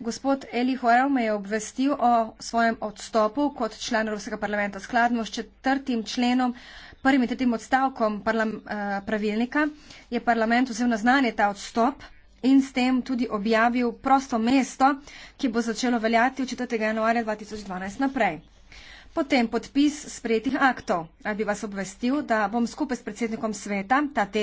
Gospod Eli Horav me je obvestil o svojem odstopu kot član Evropskega parlamenta skladno s četrtim členom, prvim in tretjim odstavkom eh, pravilnika. Je parlament vzel na znanje ta odstop in s tem tudi objavil prosto mesto, ki bo začelo veljati od 4. januarja 2012 naprej. Potem podpis sprejetih aktov. Rad bi vas obvestil, da bom skupaj s predsednikom sveta ta teden.